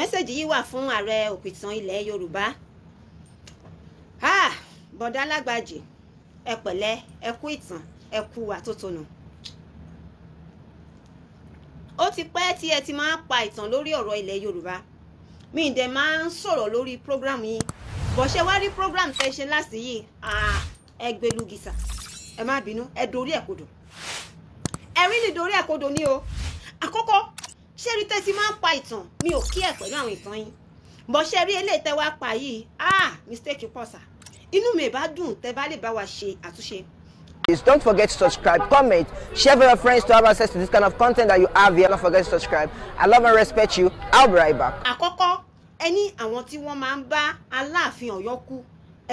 mẹ́sẹ̀gì yìí wà fún ààrẹ òpìtàn ilẹ̀ yorùbá bọ̀dá alágbàjì ẹ pẹ̀lẹ́ ẹ kú ìtàn ẹ kú àtótónu ó ti pẹ́ tí ẹ ti máa ń pa ìtàn lórí ọ̀rọ̀ ilẹ̀ yorùbá mi ì dẹ̀ máa ń sọ̀rọ̀ lórí program yìí bọ̀ṣẹ́ wá rí program tẹ́ ṣe láti yìí ẹ gbẹlú gìsà ẹ má bínú ẹ dorí ẹ̀ kodò ẹ rí ni dorí ẹ̀ kodò ní o àkọ́kọ́ ṣé rí tẹ́sí máa ń pa ìtàn mi ò kí ẹ̀ pẹ̀lú àwọn ìtàn yín bọ́ ṣe rí eléyìí tẹ́ wá pa yìí ah mistake pọ̀ sà inú mi ìbá dùn tẹ́ bá lè bá wa ṣe àtúnṣe. Please don't forget to subscribe, comment, share with your friends to have access to this kind of content that you have here. Don't forget to subscribe. I love and respect you. I'll be right back. Àkọ́kọ́, ẹni àwọn tí wọ́n máa ń bá Aláàfin Ọ̀yọ́ kú,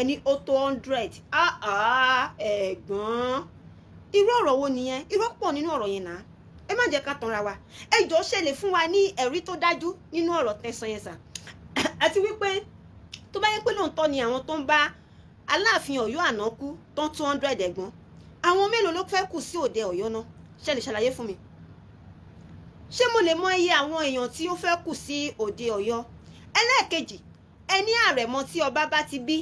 ẹni ó tó hundred, ah ah, ẹ̀gbọ́n. Irú ọ̀rọ̀ wo nìyẹn? Irọ́ pọ̀ nínú ọ̀rọ̀ yẹn náà ẹ má jẹ́ ká tanra wa ẹ jọ ṣe lè fún wa ní ẹ̀rí tó dájú nínú ọ̀rọ̀ tẹ̀sán yẹn sà àti wípé tó bá yẹ pé lóòótọ́ ni àwọn tó ń bá aláàfin ọ̀yọ́ àná kú tán two hundred ẹ̀gbọ́n àwọn mélòó ló fẹ́ kù sí òde ọ̀yọ́ náà ṣe lè ṣàlàyé fún mi ṣé mo lè mọ iye àwọn èèyàn tí ó fẹ́ kù sí òde ọ̀yọ́ ẹlẹ́ẹ̀kejì ẹni àrẹ̀mọ tí ọba bá ti bí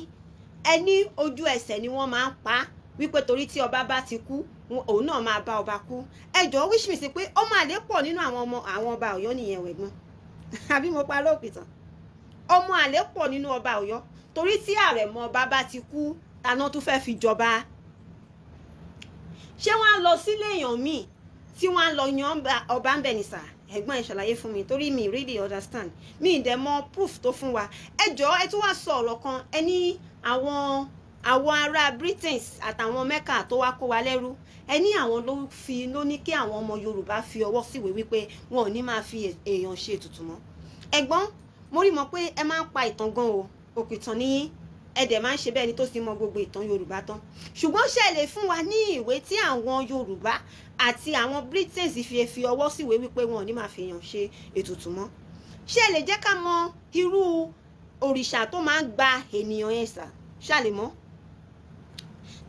ẹni ojú ẹsẹ̀ ni wọ́n máa ń pa á wípé torí tí ọba bá ti kú òun náà máa bá ọba kú ẹjọ wish me sí pé ọmọ àlè pọ̀ nínú àwọn ọmọ àwọn ọba Ọ̀yọ́ nìyẹn wẹ̀gbọ́n àbí mo parọ́ òpìtàn ọmọ àlè pọ̀ nínú ọba Ọ̀yọ́ torí tí àrẹ̀mọ ọba bá ti kú àná tó fẹ́ẹ́ fi jọba ṣé wọ́n á lọ sílé èèyàn míì tí wọ́n á lọ yan ọba ń bẹ nìsà ẹ̀gbọ́n ẹ ṣàlàyé fún mi torí mi really understand mi ì dẹ̀ mọ proof tó fún wa ẹ jọ̀ọ́ ẹ tún wá sọ ọ̀rọ̀ kan ẹ ní àwọn àwọn ará Britains àtàwọn Mẹ́kà tó wá kó wa lẹ́rú ẹ ní àwọn ló ń fi ló ní kí àwọn ọmọ Yorùbá fi ọwọ́ síwèé wípé wọn ò ní máa fi èèyàn ṣe ètùtù mọ́ ẹ̀gbọ́n mo rí mọ̀ pé ẹ máa ń pa ìtàn gan o òkú ìtàn níyí ẹ dẹ̀ máa ń ṣe bẹ́ẹ̀ ni tó ti mọ gbogbo ìtàn Yorùbá tán ṣùgbọ́n ṣe lè fún wa ní ìwé tí àwọn Yorùbá àti àwọn Britains fi fi ọwọ́ síwèé wípé wọn ò ní máa fi èèyàn ṣe ètùtù mọ́ ṣe lè jẹ́ ká mọ irú òrìṣà tó máa ń gba ènìyàn yẹn sà ṣàlè mọ́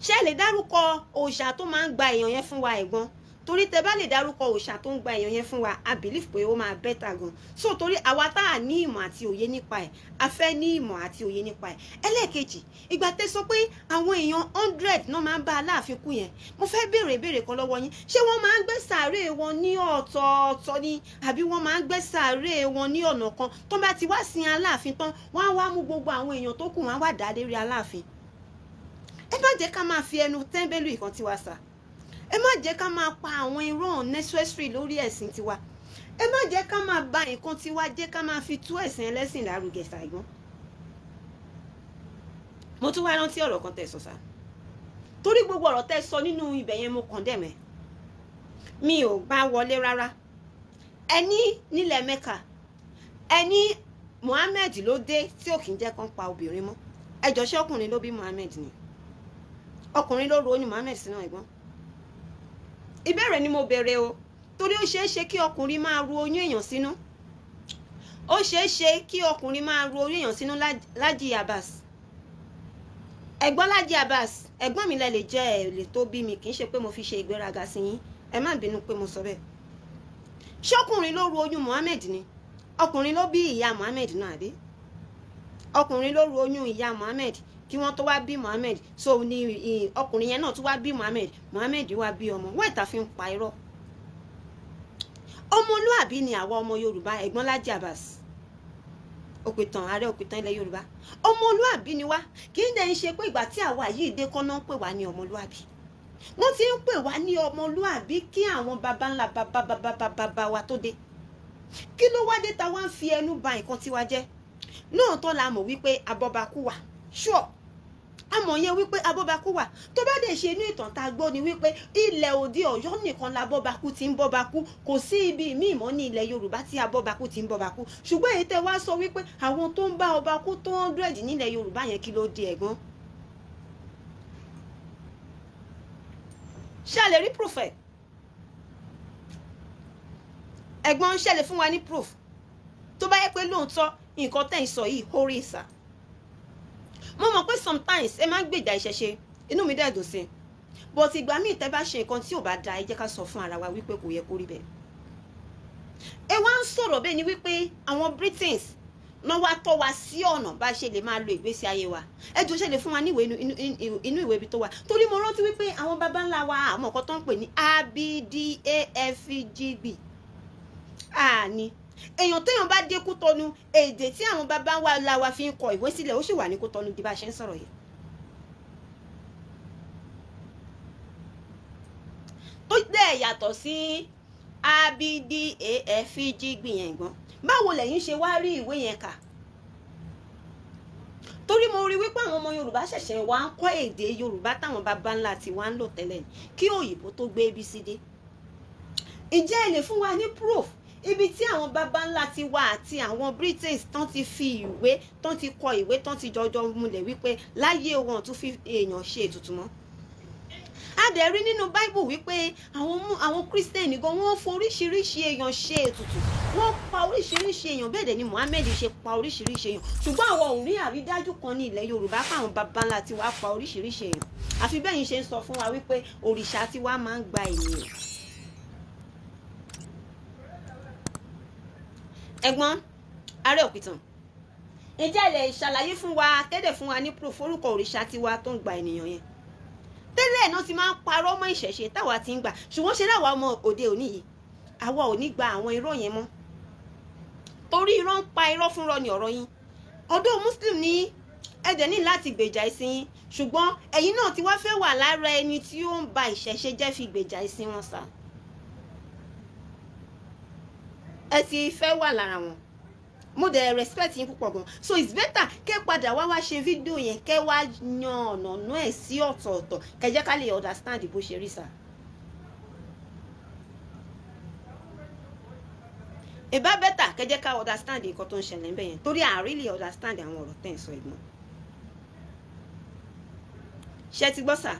ṣé ẹ lè dárúkọ òòṣà tó máa ń gba èèyàn yẹn fún wa ẹ̀gbọ́n torí tẹ bá lè dárúkọ òòṣà tó ń gba èèyàn yẹn fún wa i believe pé ó máa bẹ́tà gan so torí àwa tá a ní ìmọ̀ àti òye nípa ẹ̀ a fẹ́ ní ìmọ̀ àti òye nípa ẹ̀ ẹlẹ́ẹ̀kejì ìgbà tẹ sọ pé àwọn èèyàn hundred náà máa ń bá aláàfin kú yẹn mo fẹ́ béèrè ìbéèrè kan lọ́wọ́ yín ṣé wọ́n máa ń gbé sàárè wọn ní ọ̀tọ̀ọ̀tọ̀ ni àbí wọ́n máa ń gbé sàárè wọn ní ọ̀nà kan tó bá ti wá sin aláàfin tán wọ́n á wá mú gbogbo àwọn èèyàn tó kù wọ́n á wá dá lérí aláàfin ẹ má jẹ́ ká máa fi ẹnu tẹ́ńbẹ́lú ìkan tiwa sà ẹ má jẹ́ ká máa pa àwọn irọ́ unnecessary lórí ẹ̀sìn tiwa ẹ má jẹ́ ká máa ba nǹkan tiwa jẹ́ ká máa fi tú ẹ̀sìn ẹlẹ́sìn lárugẹ ṣàìgbọ́n mo tún wá rántí ọ̀rọ̀ kan tẹ́ sọ sá torí gbogbo ọ̀rọ̀ tẹ́ sọ nínú ibẹ̀ yẹn mo kàn dẹ̀mẹ́ mi ò bá wọlé rárá ẹni nílẹ̀ mẹ́ka ẹni Mohammed ló dé tí ò kì í jẹ́ kán pa obìnrin mọ́ ẹjọ́ ṣé ló bí Mohammed ni ọkùnrin ló ro oyún Emmanuel sínú ẹ̀gbọ́n ìbéèrè ni mo béèrè o torí ó ṣeé ṣe kí ọkùnrin máa ru oyún èèyàn sínú ó ṣeé ṣe kí ọkùnrin máa ru oyún èèyàn sínú Laji Abbas ẹ̀gbọ́n Laji Abbas ẹ̀gbọ́n mi lẹ lè jẹ́ ẹ̀ tó bí mi kì í ṣe pé mo fi ṣe ìgbéraga sí yín ẹ má bínú pé mo sọ bẹ́ẹ̀ ṣọkùnrin ló ru oyún Mohammed ni ọkùnrin ló bí ìyá Mohammed náà àbí ọkùnrin ló ru oyún ìyá Mohammed kí wọ́n tó wá bí Muhammed so ni ọkùnrin yẹn náà tó wá bí Muhammed Muhammed wá bí ọmọ wọ́n ìta fi ń pa irọ́ ọmọlúàbí ni àwa ọmọ Yorùbá ẹ̀gbọ́n Lájì Abbas òpìtàn ààrẹ òpìtàn ilẹ̀ Yorùbá ọmọlúàbí ni wá kì í dẹ́n ṣe pé ìgbà tí àwa yìí dé kọ́nà ń pè wá ní ọmọlúàbí wọ́n ti ń pè wá ní ọmọlúàbí kí àwọn baba ńlá baba baba baba ba wa tó dé kí ló wá dé ta wá ń fi ẹnu ba nǹkan tiwa jẹ́ náà tọ́ la mọ̀ wípé abọ́bakú wà ṣùọ́ àmọ́ yẹn wípé abọ́bakú wà tó bá dẹ̀ ṣe inú ìtàn tá a gbọ́ ni wípé ilẹ̀ òdi ọ̀yọ́ nìkan la bọ́bakú ti ń bọ́bakú kò sí ibi míì mọ́ ní ilẹ̀ yorùbá tí abọ́bakú ti ń bọ́bakú ṣùgbọ́n èyí tẹ́ wá sọ wípé àwọn tó ń bá ọba kú tó ń dúrẹ́dì nílẹ̀ yorùbá yẹn kí ló di ẹ̀gbọ́n. ṣàlẹ̀ rí proof ẹ̀ ẹ̀gbọ́n ń ṣẹlẹ̀ fún wa ní proof tó bá yẹ pé lóòótọ́ nǹkan tẹ̀ ń sọ yìí ó mo mọ̀ pé sometimes ẹ máa ń gbèjà ìṣẹ̀ṣe inú mi dẹ̀ dùn sí i but ìgbà míì tẹ́ bá ṣe nǹkan tí ò bá da ẹ jẹ́ ká sọ fún ara wa wípé kò yẹ kó rí bẹ́ẹ̀ ẹ wá ń sọ̀rọ̀ bẹ́ẹ̀ ni wípé àwọn Britains náà wá tọ́ wa sí ọ̀nà bá ṣe lè máa lo ìgbésí ayé wa ẹ jọ ṣe lè fún wa ní inú ìwé ibi tó wà torí mo rántí wípé àwọn baba ńlá wa àmọ́ ọ̀kan tó ń pè ní abdafgb àní. Ah, èèyàn téèyàn bá dé Kútọ́nù èdè tí àwọn bàbá wa la wa fi ń kọ ìwé sílẹ̀ ó sì wà ní Kútọ́nù di bá a ṣe ń sọ̀rọ̀ yìí. tó dẹ̀ yàtọ̀ sí abdafg e, gbìyànjú báwo lẹ́yìn ṣe wá rí ìwé yẹn kà torí mo rí wípé àwọn ọmọ Yorùbá ṣẹ̀ṣẹ̀ wá ń kọ́ èdè Yorùbá táwọn bàbá ńlá ti wá ń lò tẹ́lẹ̀ kí òyìnbó tó gbé abc dé ǹjẹ́ ẹ lè fún wa ní proof ibi tí àwọn baba ńlá ti wá àti àwọn Britains tán ti fi ìwé tán ti kọ ìwé tán ti jọjọ múlẹ̀ wípé láyé wọn tún fi èèyàn ṣe ètùtù mọ́ dẹ̀ rí nínú Bible wípé àwọn àwọn Christian gan wọ́n foríṣiríṣi èèyàn ṣe ètùtù wọ́n pa oríṣiríṣi èèyàn bẹ́ẹ̀ dẹ̀ ni Muhammed ṣe pa oríṣiríṣi èèyàn ṣùgbọ́n àwọn ò rí àrídájú kan ní ilẹ̀ Yorùbá fáwọn baba ńlá tiwa pa oríṣiríṣi èèyàn àfi bẹ́ẹ̀ yìí ṣe ń sọ fún wa wípé òrìṣà tiwa máa ń gba ènìyàn ẹ̀gbọ́n ààrẹ òpìtàn ǹjẹ́ ẹ lè ṣàlàyé fún wa kéde fún wa ní proof orúkọ òrìṣà tiwa tó ń gba ènìyàn yẹn tẹ́lẹ̀ náà ti máa ń parọ́ mọ́ ìṣẹ̀ṣe táwa ti ń gbà ṣùgbọ́n ṣe láwa ọmọ òde òní yìí àwa ò ní gba àwọn irọ́ yẹn mọ́ torí irọ́ ń pa irọ́ fúnrọ́ ni ọ̀rọ̀ yín ọ̀dọ́ muslim ni ẹ̀jẹ̀ ní láti gbèjà ìsìn yín ṣùgbọ́n ẹ̀yin náà ti wá fẹ́ wà lára ẹni tí ó ń ba ìṣẹ̀ṣe jẹ́ fi gbèjà ìsìn wọn sáà ẹ ti fẹ́ wà lára wọn mo dẹ̀ respect yín púpọ̀ gan so it's better kẹ́ padà wá wá ṣe fídíò yẹn kẹ́ wá yan ọ̀nà náà ẹ̀ sí ọ̀tọ̀ọ̀tọ̀ kẹ́ jẹ́ ká lè understand bó ṣe rí sá. ìbá bẹ́tà kẹ́ jẹ́ ká understand nǹkan tó ń ṣẹlẹ̀ ńbẹ̀ yẹn torí à really understand àwọn ọ̀rọ̀ tẹ̀ ń sọ ìgbọ́n. ṣé ti gbọ́ sà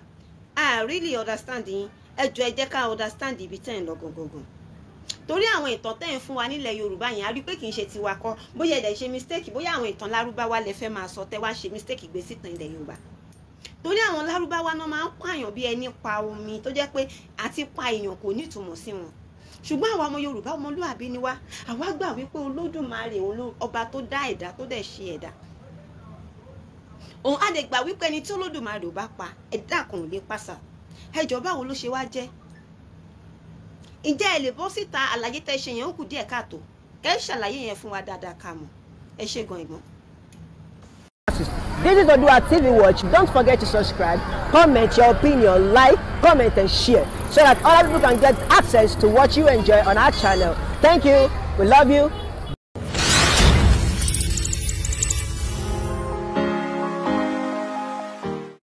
à really understand yín ẹ jọ ẹ jẹ́ ká understand ibi tẹ̀ ń lọ gangan torí àwọn ìtàn tẹ́ ń fún wa nílẹ̀ yorùbá yẹn a rí pé kì í ṣe tiwa kọ́ bóyá ẹ̀dẹ̀ ṣe mistake bóyá àwọn ìtàn lárúbáwá lẹ fẹ́ máa sọ tẹ́ wá ṣe mistake gbé sítan ilẹ̀ yorùbá torí àwọn lárúbáwá náà máa ń pààyàn bí ẹni pa omi tó jẹ́ pé àti pa èèyàn kò nítumọ̀ sí wọn ṣùgbọ́n àwa ọmọ yorùbá ọmọlúàbí ni wá àwa gbà wípé olódùmarè ọba tó dá ẹ̀dá tó dẹ̀ ṣe ẹ̀dá òun á lè gbà wípé ẹni tí olódùmarè ò bá pa ẹ̀dá kan ò lè pàṣà ẹjọ́ báwo ló ṣe wá jẹ́ ǹjẹ́ ẹ lè bọ́ síta àlàyé tẹ́ ṣe yẹn ó kù díẹ̀ káàtó kẹ́ ẹ ṣàlàyé yẹn fún wa dáadáa ká mọ̀ ẹ ṣe gan ìgbọ́n. This is Oòduà TV Watch. Don't forget to subscribe, comment your opinion, like, comment and share so that other people can get access to what you enjoy on our channel. Thank you. We love you.